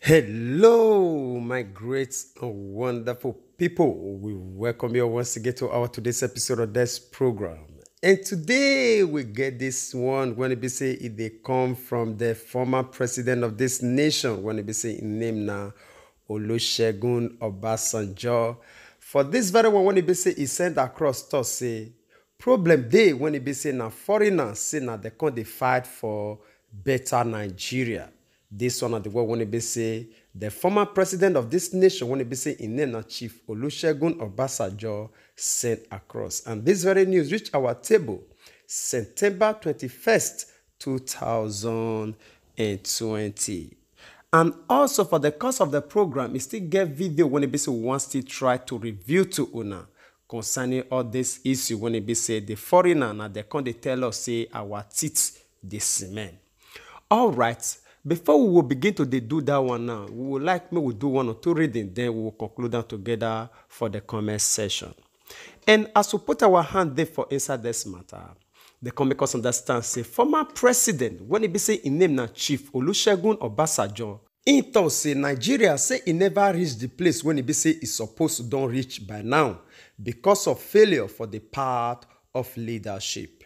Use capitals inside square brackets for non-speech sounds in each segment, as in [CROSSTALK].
Hello, my great and wonderful people. We welcome you once again to our today's episode of this program. And today we get this one when it be say it they come from the former president of this nation, when it be say in name now, Olusegun Obasanjo. For this very one, when it be say he sent across to say problem day when it be say now foreigners say now they can't fight for better Nigeria. this one at the world when be say the former president of this nation when be say Inena Chief Olusegun Obasanjo sent across. And this very news reached our table September 21st, 2020. And also for the course of the program, we still get video when be say we want to try to review to una concerning all this issue when it be say the foreigner now they come tell us say our teeth this cement. All right, Before we will begin to do that one now, we would like me we do one or two reading, then we will conclude them together for the comment session. And as we put our hand there for inside this matter, the Comicus understand say former president, when he be say in name na Chief Olusegun Obasanjo, in thought say Nigeria say he never reach the place when he be say he supposed to don't reach by now because of failure for the part of leadership.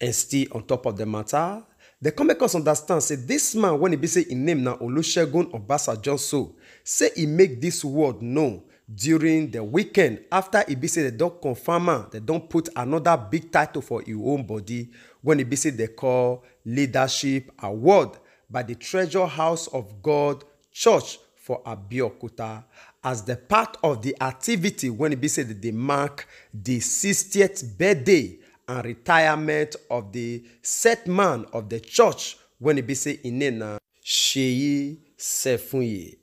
And still on top of the matter, dem come make us understand say this man when he be say in name now olusegun Obasa Johnson say he make this world known during the weekend after he be say they don't confirm am dem don put another big title for his own body when he be say they call leadership award by the treasure house of god church for abeokuta as the part of the activity when he be say dem dey mark the 60th birthday and retirement of the set man of the church when it be say inena name Sheyi Sefunye.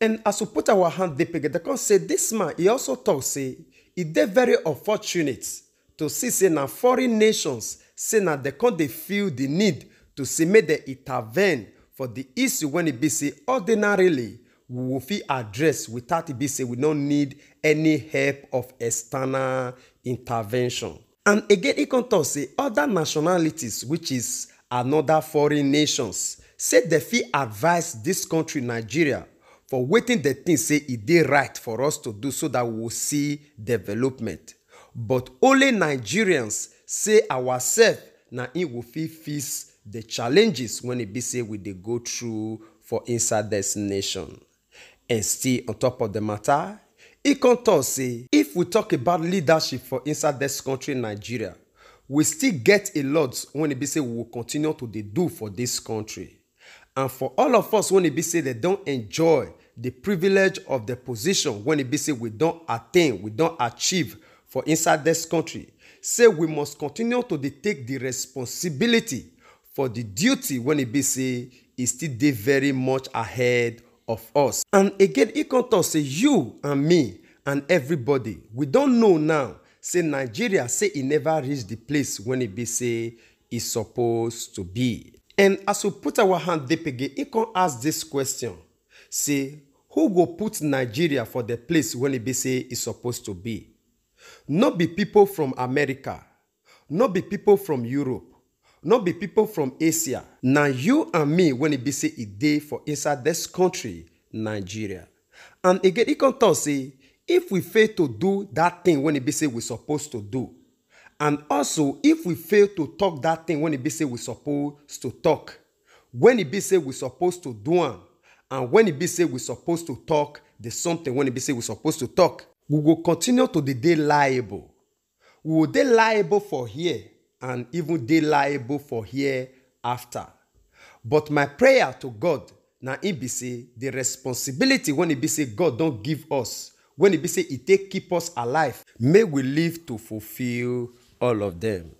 And as we put our hand deep again, they can say this man, he also talk say, e dey very unfortunate to see say na foreign nations say na dem come dey feel the need to say make dem intervene for the issue when e be say ordinarily we go fit address without e be say we no need any help of external intervention. And again, he can talk say other nationalities, which is another foreign nations, say they fit advise this country, Nigeria, for waiting the think say e dey right for us to do so that we will see development. But only Nigerians say ourselves now it will fit fix the challenges when it be say we they go through for inside this nation. And still on top of the matter, e come talk say if we talk about leadership for inside this country nigeria we still get a lot when e be say we will continue to do for this country and for all of us when e be say they don't enjoy the privilege of the position when e be say we don't attain we don't achieve for inside this country say we must continue to take the responsibility for the duty when e be say e still dey very much ahead of us. And again, he can talk say you and me and everybody, we don't know now. Say Nigeria say it never reached the place when it be say it's supposed to be. And as we put our hand deep again, he can ask this question. Say, who go put Nigeria for the place when it be say it's supposed to be? Not be people from America, not be people from Europe, not be people from asia Now you and me when it be say a day for inside this country nigeria and again e con tok say if we fail to do that thing when it be say we supposed to do and also if we fail to talk that thing when it be say we supposed to talk, when it be say we supposed to do one, and when it be say we supposed to talk, there's something when it be say we supposed to talk, we will continue to be liable we will be liable for here and even dey liable for hereafter. But my prayer to God na im be say the responsibility when e be say God don give us when e be say e take keep us alive May we live to fulfil all of them.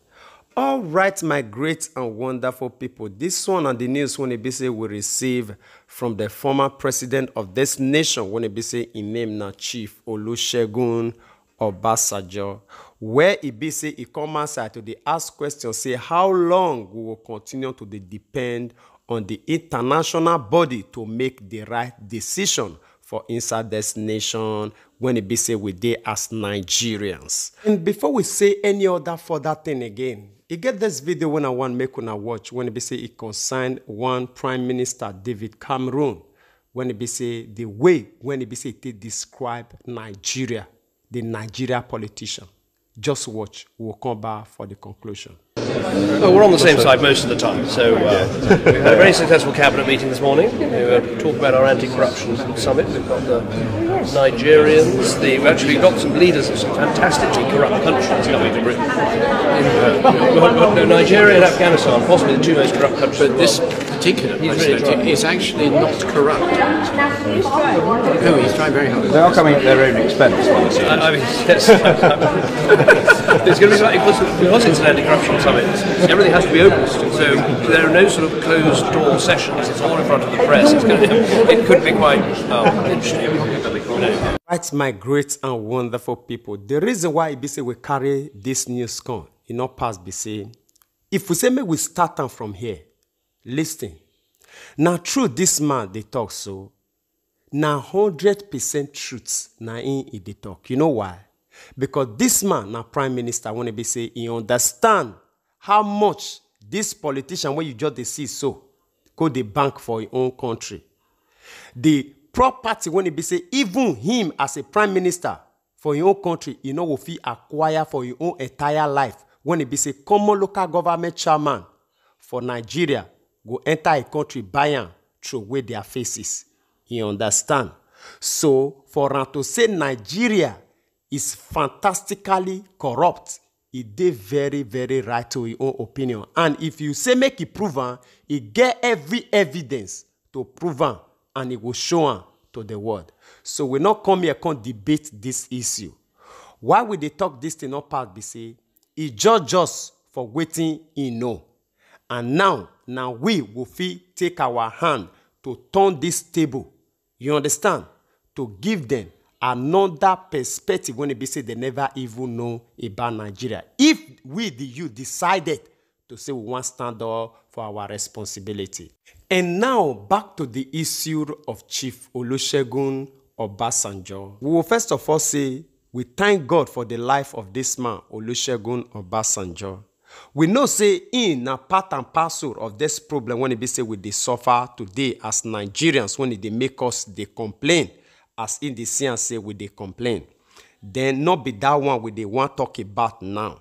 All right, my great and wonderful people, this one and the news when e be say we receive from the former president of this nation when e be say in name now Chief Olusegun Obasanjo where e be say e come outside to dey ask question say how long we will continue to dey depend on the international body to make the right decision for inside this nation when e be say we they as nigerians and before we say any other further thing again you e get this video when i wan make una watch when e be say e concern one prime minister david Cameroon, when e be say di way when e be say e describe nigeria the nigeria politician just watch. We'll come back for the conclusion. Well, we're on the same side most of the time. So uh, we had a very successful cabinet meeting this morning. We were uh, talking about our anti-corruption summit. We've got the Nigerians. The, we've actually got some leaders of some fantastically corrupt countries coming to Britain. In, uh, Nigeria and Afghanistan, possibly the two most corrupt countries. But this particular actually not corrupt. Oh, he's trying very hard. They are coming at their own expense. I, I mean, that's, going to be like, because it's an anti-corruption summit, everything has to be open. So there are no sort of closed door sessions. It's all in front of the press. It's going to, it could be quite um, interesting. That's my great and wonderful people. The reason why BC will carry this news con, you know, past BC, if we say, may we start from here, listen now. true this man they talk so now hundred percent truth Now him e dey talk you know why because this man now prime minister want to be say he understand how much this politician when you just dey see so go dey bank for im own country the property wey be say even him as a prime minister for your own country you know go he acquire for your own entire life when e be say common local government chairman for nigeria go enter a country buy am throway their faces you understand so for am to say nigeria is fantastically corrupt e dey very very right to im own opinion and if you say make e prove am e get every evidence to prove am and e go show am to the world so we no come here come debate this issue why we dey talk this thing up pass be say e judge us for wetin e know and now na we go fit take our hand to turn dis table you understand to give dem another perspective wey e be say dem never even know about nigeria if we the youth decided to say we wan stand up for our responsibility. and now back to the issue of chief olusegun obasanjo we will first of all say we thank god for the life of this man olusegun obasanjo we know say in na part and parcel of this problem when it be say we they suffer today as nigerians when they dey make us they complain as in dey see and say we they complain then not be that one we they want talk about now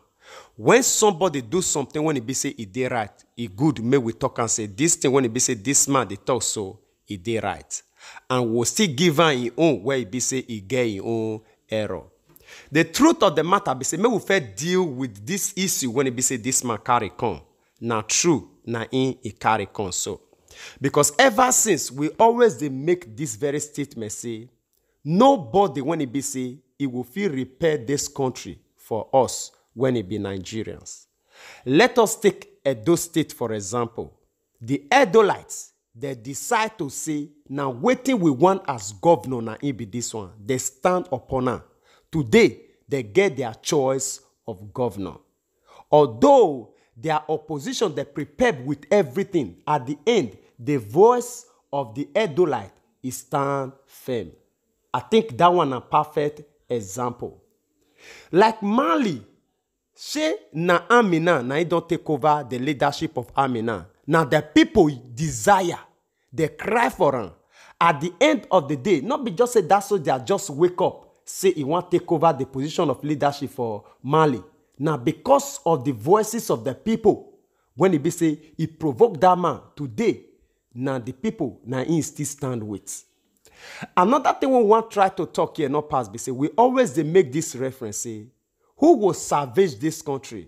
when somebody do something when it be say e dey right e good may we talk and say this thing when it be say this man they talk so e dey right and we we'll still give am im own where e be say he get im own error The truth of the matter be say, may we first deal with this issue when it be say this man carry come. Now true, now in he carry come so. Because ever since we always they make this very statement say, nobody when it be say it will feel repair this country for us when it be Nigerians. Let us take Edo State for example. The Edolites they decide to say now waiting we want as governor na it be this one. They stand upon her. Today, they get their choice of governor. Although their opposition, they prepared with everything. At the end, the voice of the Edolite is stand firm. I think that one a perfect example. Like Mali, she na Amina, na he don't take over the leadership of Amina. Now the people desire, they cry for her. At the end of the day, not be just say that so they just wake up say he want take over the position of leadership for mali now because of the voices of the people when he be say he provoked that man today now the people now he still stand with another thing we wan try to talk here not pass be say we always they make this reference say who go salvage this country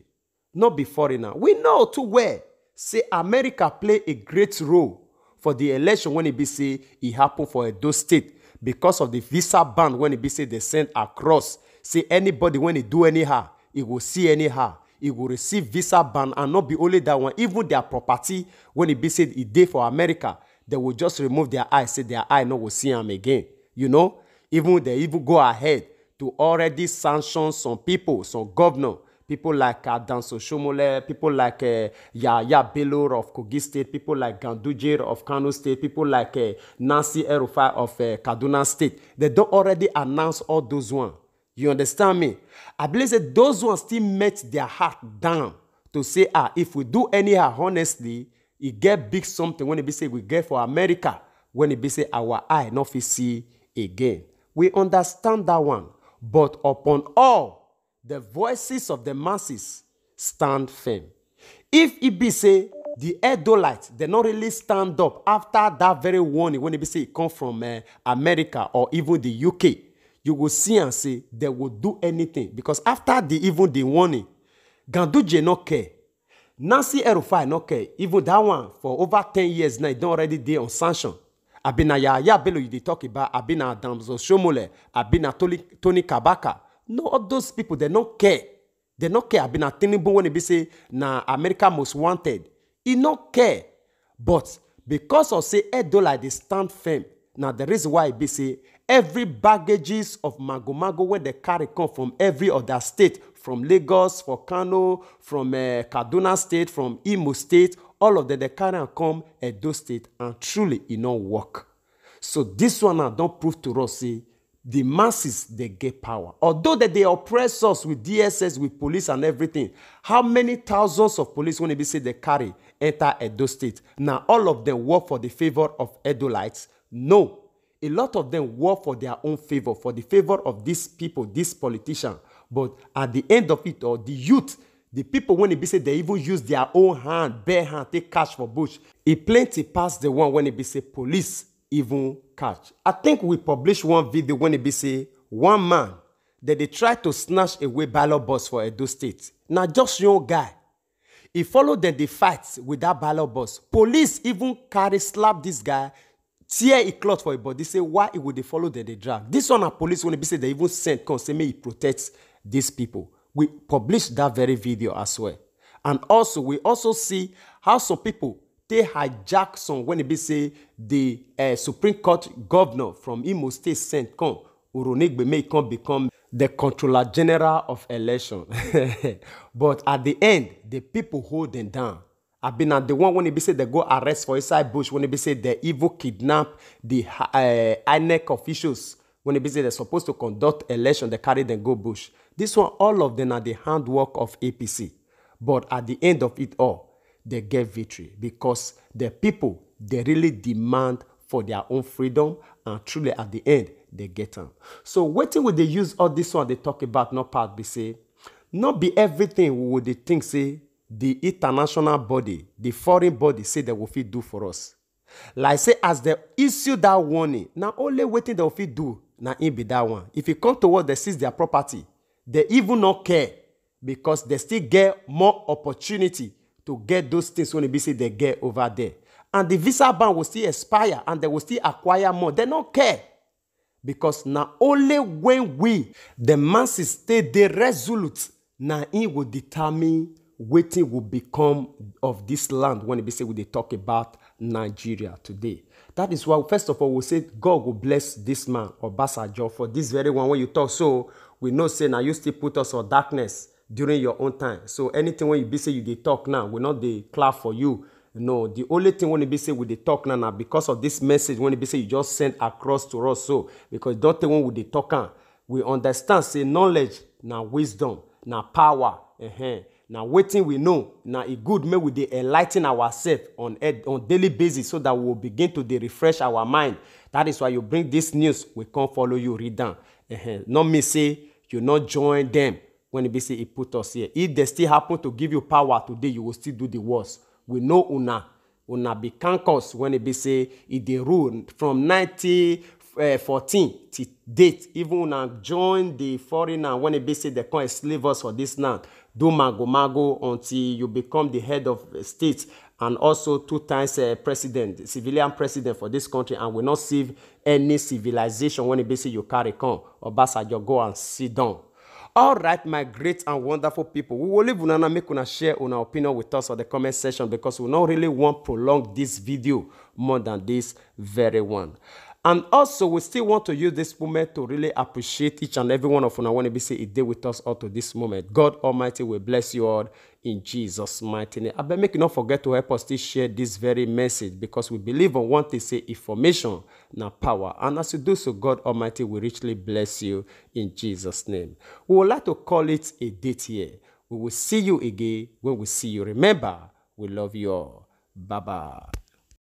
Not be foreigner we know too well say america play a great role for the election when e be say it happen for edo state because of the visa ban when e be say they send across say anybody when e do anyhow e will see anyhow e will receive visa ban and not be only that one even their property when e be said e dey for america they will just remove their eye say their eye no will see him again you know even they even go ahead to already sanction some people some governor people like Adanso uh, Shomole, people like uh, Yaya Belor of Kogi State, people like Ganduje of Kano State, people like uh, Nancy Erufa of uh, Kaduna State. They don't already announce all those ones. You understand me? I believe that those ones still met their heart down to say, ah, if we do anyhow honestly, it get big something when it be say we get for America, when it be say our eye not see again. We understand that one. But upon all, the voices of the masses stand firm. If it be say the Edolites, they not really stand up after that very warning when it be say it come from uh, America or even the UK, you will see and say they will do anything because after the even the warning, Ganduje not care. Nancy Erufai not care. Even that one for over ten years now, they already there on sanction. Abina Yaya Bello, you they talk about Abina Damso Shomole, Abina Tony Kabaka no all those people dem no care dem no care abi na tinubu wey e be say na america most wanted e no care but because of say edola dey stand firm na the reason why e be say every baggages of magomago wey dey carry come from every other state from lagos for kano from uh, kaduna state from imo state all of them dey carry am come edo state and truly e no work so this one now don prove to us say the masses they get power although that they oppress us with dss with police and everything how many thousands of police when they say they carry enter edo state now all of them work for the favor of edolites no a lot of them work for their own favor for the favor of these people these politicians but at the end of it all the youth the people when it be say they even use their own hand bare hand take cash for bush e plenty pass the one when it be say police even catch. I think we published one video when it be say one man that they try to snatch away ballot box for Edo State. Now just young guy. He followed them the fight with that ballot box. Police even carry slap this guy, tear a cloth for his body, say why he would they follow them they drag. This one a police when it be say they even sent consume he protect these people. We published that very video as well. And also we also see how some people They hijack some when e be say the uh, supreme court governor from imo state sent come oronegbeme come become the controller general of election [LAUGHS] but at the end the people hold them down I've been at the one wey be say they go arrest for inside bush wey be say they even kidnap the uh, inec officials wey be say they supposed to conduct election they carry them go bush this one all of them are the handwork of apc but at the end of it all they get victory because the people they really demand for their own freedom and truly at the end they get them. So waiting with they use all this one they talk about not part B. say not be everything we they think say the international body, the foreign body say they will fit do for us. Like say as they issue that warning, now only waiting they will fit do now it be that one. If you come to what they seize their property, they even not care because they still get more opportunity to get those things when it be say they get over there. And the visa ban will still expire and they will still acquire more. They don't care. Because now only when we, the masses, stay the resolute, now it will determine what wetin will become of this land when it be say we they talk about nigeria today that is why first of all we say god will bless this man obasanjo for this very one When you talk so we know say now you still put us on darkness during your own time so anything when you be say you they talk now we not dey clap for you no the only thing when you be say we dey talk now Now because of this message when you be say you just send across to us so because don't thing wey we dey talk am we understand say knowledge now wisdom now power uh-huh. na wetin we know Now a e good make we dey enligh ourselves on e, on daily basis so that we will begin to dey refresh our mind that is why you bring this news we can't follow you read am uh-huh. no mean say you not join them when it be say he e put us here. If they still happen to give you power today, you will still do the worst. We know una. Una be cancers when it be say it they rule from 1914 uh, till date. Even una join the foreigner when it be say they come enslave us for this land. Do mago-mago until you become the head of eh, state and also two times uh, president, civilian president for this country, and will not save any civilization when it be say you carry come. you go and sit down all right my great and wonderful people we will leave Unana make una share una opinion with us on the comment section because we don't really want prolong this video more than this very one and also we still want to use this moment to really appreciate each and every one of una when we say it e day with us all to this moment god almighty will bless you all in Jesus' mighty name. I beg make you not forget to help us to share this very message because we believe on one thing say information, not power. And as you do so, God Almighty will richly bless you in Jesus' name. We would like to call it a date here. We will see you again when we see you. Remember, we love you all. Bye bye.